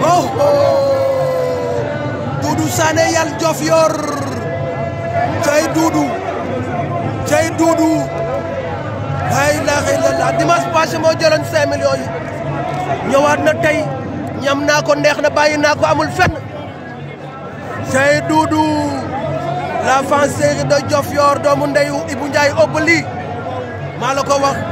oh oh Doudou Sané Yal Diofior cay Doudou cay Doudou ay la xëy na la moo jëloon 5 millions yi na tey ñam naa ko neex na bàyyi naa ko amul fenn cay Doudou la fan série de Diofior doomu ndeyu Ibou Ndiaye Obali maa la ko wax.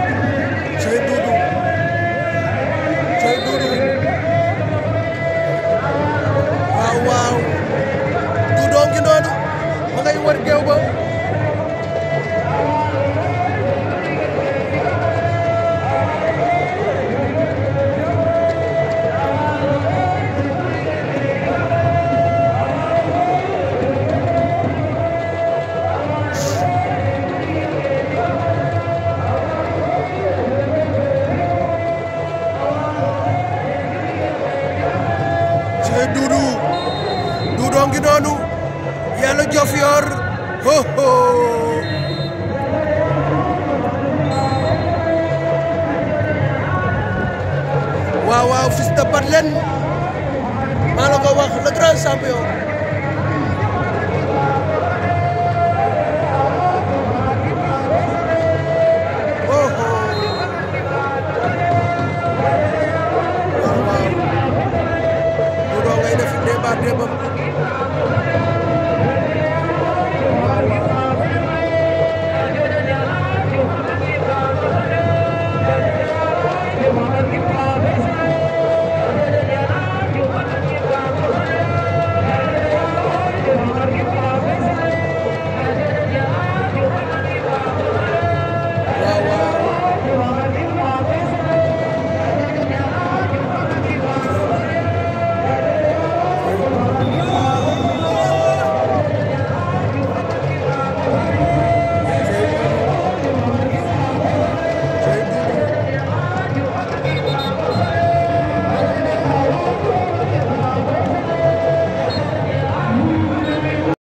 wër géew ba Doudou Doudou ngi noonu yàlla jof yor ho ho waaw waaw Fils de Batléne maa la ko wax le grand champion Débat débat